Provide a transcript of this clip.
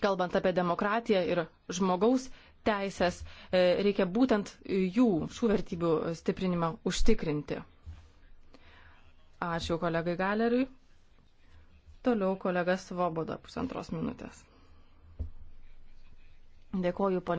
kalbant apie demokratiją ir žmogaus teisės, e, reikia būtent jų, šių vertybių stiprinimą užtikrinti. Ačiū kolegai Galeriui. Toliau kolega Svoboda pusantros minutės. Dėkoju, ponė.